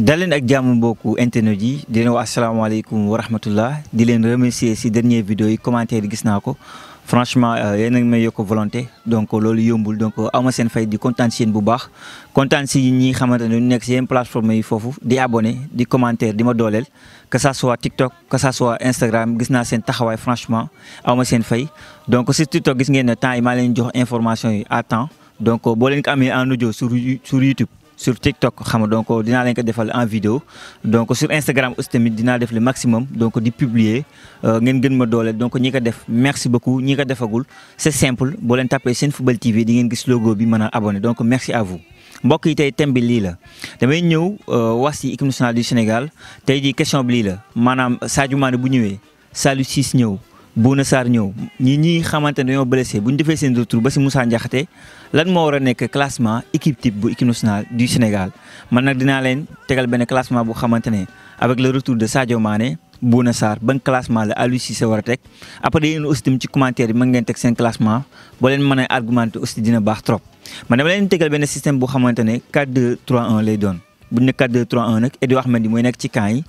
dalen ak jàmm beaucoup. internet yi di wa wax asalaamaaleykum wa rahmatullah di len remercier ci dernier vidéo yi commentaire yi gis franchement euh, yene a ngi may volonté donc loolu yombul donc ama sen fay di kontaan si bu bax kontaan si ñi xamante ñu nek ci en plateforme yi fofu di abonné di commentaire di ma dolel que ça soit TikTok que ça soit Instagram gisna sen taxaway franchement ama sen fay donc ci TikTok gis ngeen ne temps yi m'a leen jox information yi à temps donc bo leen ko amé en audio sur sur YouTube sur TikTok xam donc on leen ko defal en vidéo donc sur Instagram aussi tamit dinaa def le maximum donc di publier euh, ngeen gën ma donc ñi ko def merci beaucoup ñi ko defagul c'est simple boo leen tapé seen Football TV di ngeen gis logo bi mën abonné donc merci à vous. bon yi était thème bi lii la damay ñëw euh, wax équipe nationale du Sénégal tey jii question bi Madame Sadio Mané bu salut Saliou ñëw. Bouna Sarr ñëw ñi ñi xamante ne dañoo blessé bu ñu defee seen retour ba si Moussa Ndiakhate lan moo war a nekk classement équipe type bu équipe nationale du Sénégal man nag dinaa leen tegal benn classement bu xamante ne avec le de Sadio Mané Bouna Sarr ban classement la Aliou Cissé war a teg après yéen aussi tamit ci commentaire yi mën ngeen teg seen classement boo leen mën a argumenté aussi dina baax trop man dama leen tegal benn système bu xamante ne 4 2 3 1 lay doon bu ñu ne 4 2 3 1 ci camp yi.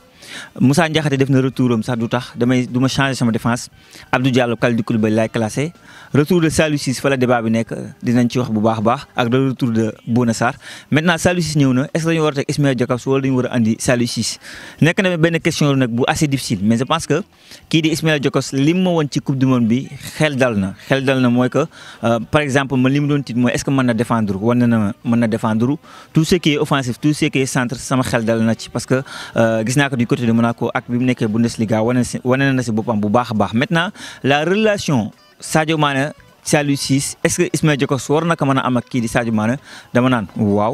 Moussa Ndiakhate def na retour sax du tax damay duma changer sama défense Abdou Diallo Kalidou Koulibaly classé retour de Saliou Ciss fa la débat bi nek dinañ ci wax bu baax baax ak le retour de Bouna sar maintenant Saliou Ciss ñëw na est ce que dañu war a teg Ismaël Jakobs wala dañu wara andi Saliou Ciss nekk na ben question nak bu assez difficile mais je pense que ki di Ismaël Jakobs li mu won ci coupe du monde bi xel dal na xel dal na que euh, par exemple man lim doon titre moy est ce que mën na défendre won na mën na défendre tout ce qui est offensif tout ce qui est centre sama xel dal na ci parce que euh, gis naa ko côté a Monaco ak bi mu nekkee Bundesliga wane na si wane na si boppam bu baax a baax maintenant la relation Sadio maana Saliou Ciss est-ce que Ismail Jakobs war na ka mën a am ak kii di Sadio Mané dama naan waaw.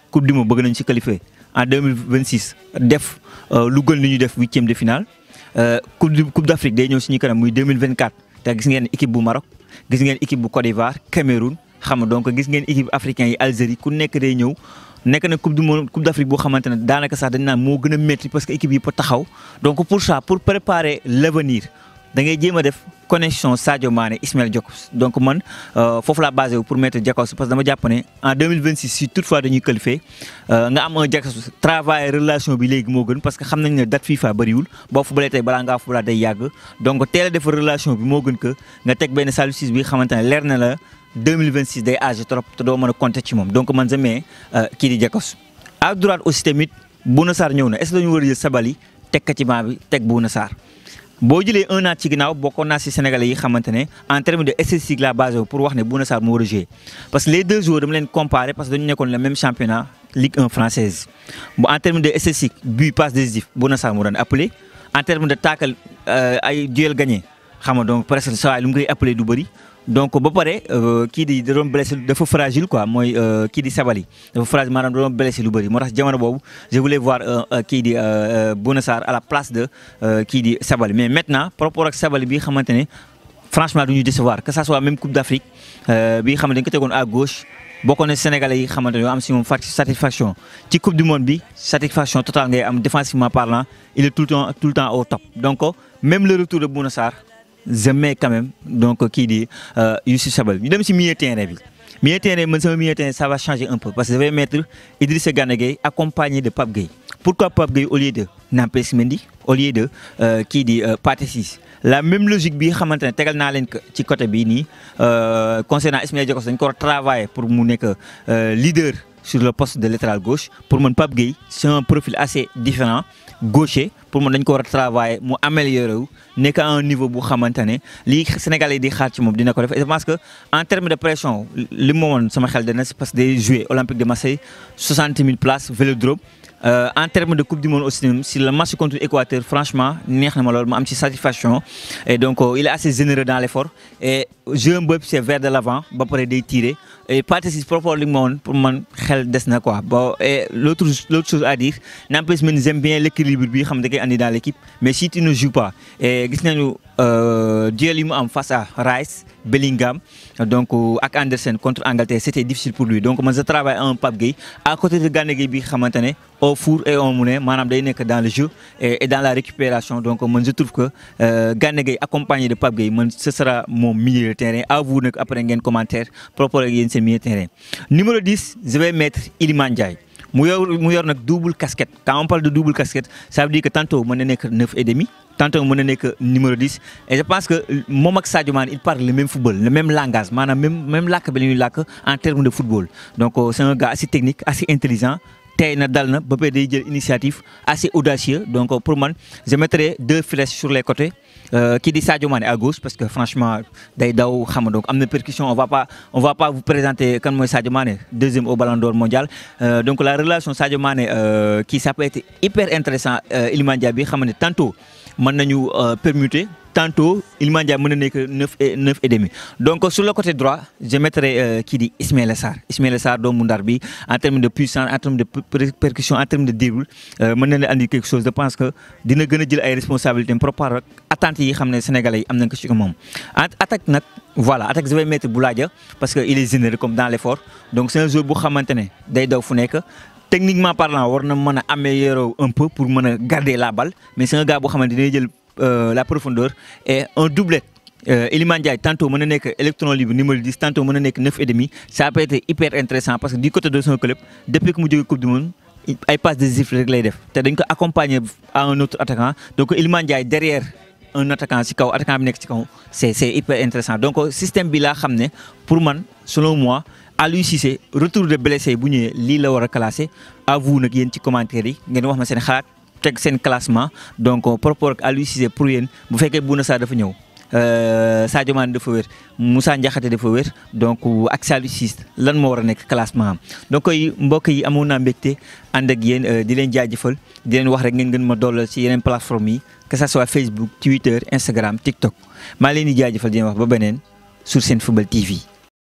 coupe du monde bëgg nañ ci qualifier en 2026 def euh, lu gën li ñu def huitième de finale euh, coupe coupe d'Afrique day ñëw suñu kanam muy 2024 te gis ngeen équipe bu Maroc gis ngeen équipe bu Côte d'Ivoire Cameroun xam nga donc gis ngeen équipe africain yi Algérie ku nekk day ñëw nekk na coupe du monde coupe d'Afrique boo xamante ne daanaka sax dañ naan mo gëna a parce que équipe yi pa taxaw donc pour ça pour préparer l'avenir da ngay jéem def connexion Sadio Mané Ismaël Diop donc man euh, fofu la basé pour mettre Jakobs parce que dama japp né en 2026 si toutefois dañuy qualifié euh, nga am un Jakobs travail relation bi légui mo gën parce que xam nañ ne date FIFA bëriwul boo fubalee tay bala nga fubalaa day yag donc télé def relation bi mo gën que nga tek ben Saliou Ciss bi xamante ne na la 2026 day âge trop te doo mën compter ci mom donc man jamais euh, ki di Jakobs à droite aussi tamit Bounassar ñëw na est ce que dañu war jël Sabaly teg ci banc bi tek Bounassar boo jëlee un an ci ginnaaw Sénégalais en termes de la base pour wax ne Bouna Sarr parce que les deux joueurs dama les comparé parce que dañu avons le même championnat Ligue 1 française bu en termes de statistique but passe décisif Bouna Sarr moo appelé en termes de tackle, euh, ay duel gagné donc presque ça lu appelé du donc ba pare euh, kii di doon blessé dafa fragile quoi mooy qui euh, di Sabali dafa fragile maanaam doon blessé lu bari moo tax jamono boobu je voulais voir qui euh, di Bouna Sarr à la place de qui di Sabali mais maintenant propre rapport ak Sabali bi xamante franchement duñu décevoir que ça soit même Coupe d'Afrique bi xamante dañ ko tegoon à gauche bokkoon Sénégalais yi xamante ne am ci mom satisfaction ci Coupe du Monde bi satisfaction totale ngay am défensivement parlant il est tout le temps tout le temps au top donc même le retour de Bouna Sarr zame quand même donc qui dit euh, Youssouf Sabal ñu dem ci milieu terrain bi milieu terrain man sama milieu ça va changer un peu parce que je vais mettre Idrissa Ganege accompagné de Pape Gueye pourquoi Pape Gueye au lieu de Nampes Mendy au lieu de euh, qui dit euh, Patessis la même logique bi xamante tégal na naa leen ci côté concernant Ismaël travail dañ ko pour mu leader sur le poste de latéral gauche pour mon Pape Gueye c'est un profil assez différent gaucher pour mon encore travail amélioré améliorer n'est qu'à un niveau pour commenter les sénégalais ont cartes mon dina collègue parce que en termes de pression le moment se m'a fait le dernier c'est parce des jeux olympiques de Marseille 60 000 places Vélodrome euh, en termes de Coupe du Monde aussi, si le match contre l'Équateur, franchement, je une satisfaction. Et donc, euh, il est assez généreux dans l'effort. Et je un peu vers de l'avant, pour aider tirer. Et participe proprement pour moi, quoi. Et l'autre chose à dire, nous aime bien l'équilibre, dans l'équipe. Mais si tu ne joues pas, et, euh, duel en face à Rice, Bellingham, donc euh, avec Anderson contre Angleterre, c'était difficile pour lui. Donc je travaille en Pape Gay. À côté de de Gay, au four et au monnaie, Manam que dans le jeu et, et, dans la récupération. Donc je trouve que euh, accompagné de Pape Gay, ce sera mon milieu terrain. À vous après un commentaire propre à ce milieu de terrain. Numéro 10, je vais mettre Iliman y a une double casquette. Quand on parle de double casquette, ça veut dire que tantôt, mon est 9,5, tantôt numéro 10 et je pense que mon Sadio il parle le même football le même langage même même en termes de football donc euh, c'est un gars assez technique assez intelligent initiative assez audacieux donc euh, pour moi, je mettrai deux flèches sur les côtés Qui euh, dit Sadio à gauche parce que franchement day donc percussions, percussion on va pas on va pas vous présenter comme deuxième au Ballon d'Or mondial donc la relation Sadio qui ça peut être hyper intéressant Iliman Diaby tantôt man nañu euh, permuter tantôt il m'a dit mëna nek 9 et 9 et demi donc sur le côté droit je mettrai qui euh, dit ismaël Sarr ismaël Sarr do mon bi en termes de puissance en termes de percussion en termes de dribble euh, mën na la quelque chose je pense que dina gëna jël ay responsabilités par attentes yi xamné sénégalais amna ko ci attaque nak voilà attaque je vais mettre Boulaye parce que il est généreux comme dans l'effort donc c'est un joueur bu xamante day daw fu nek techniquement parlant on a un peu pour garder la balle mais c'est un gars qui a euh, la profondeur et un doublet. Euh, Eliman tantôt électron libre numéro 10 tantôt mon demi ça peut être hyper intéressant parce que du côté de son club depuis que joue coupe du monde il passe des un autre attaquant donc Eliman derrière un attaquant attaquant c'est hyper intéressant donc système bi pour moi, selon moi Aliou Cissé retour de blessé bu ñëwee lii la war a classé à vous yéen ci commentaire yi ngeen wax ma seen xalaat teg seen classement donc euh, par rapport ak Aliou Cissé pour yéen bu fekkee Bouna saa dafa ñëw euh, Sadio Mané dafa wér Moussa Ndiakhate dafa wér donc euh, ak Aliou Cissé lan moo war a nekk classement am donc mbokk yi amoon na mbégte ànd ak yéen di leen jaajëfal di leen wax rek ngeen gën ma dollal si yeneen plateforme yi que ça soit Facebook Twitter Instagram TikTok maa leen di jaajëfal di wax ba beneen sur Senfootball TV.